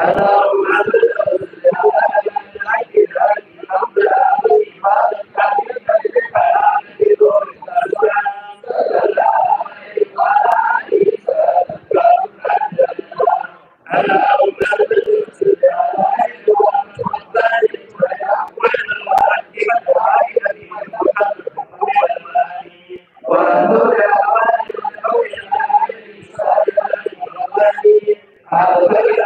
you. Gracias.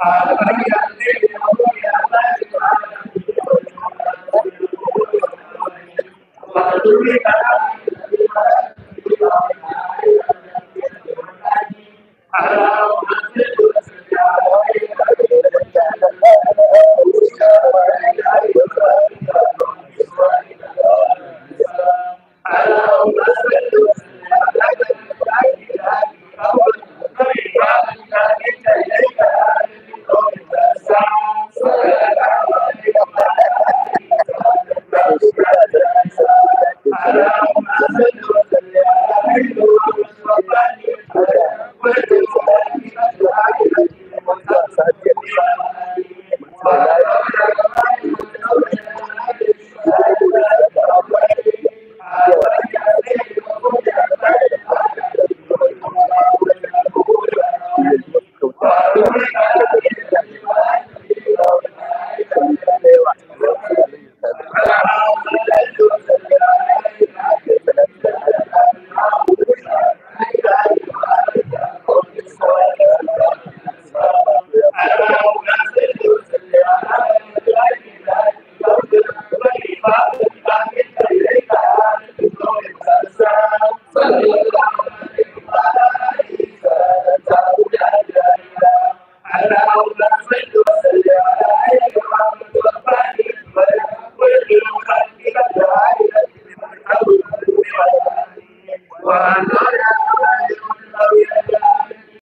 Gracias. Yeah. Thank you.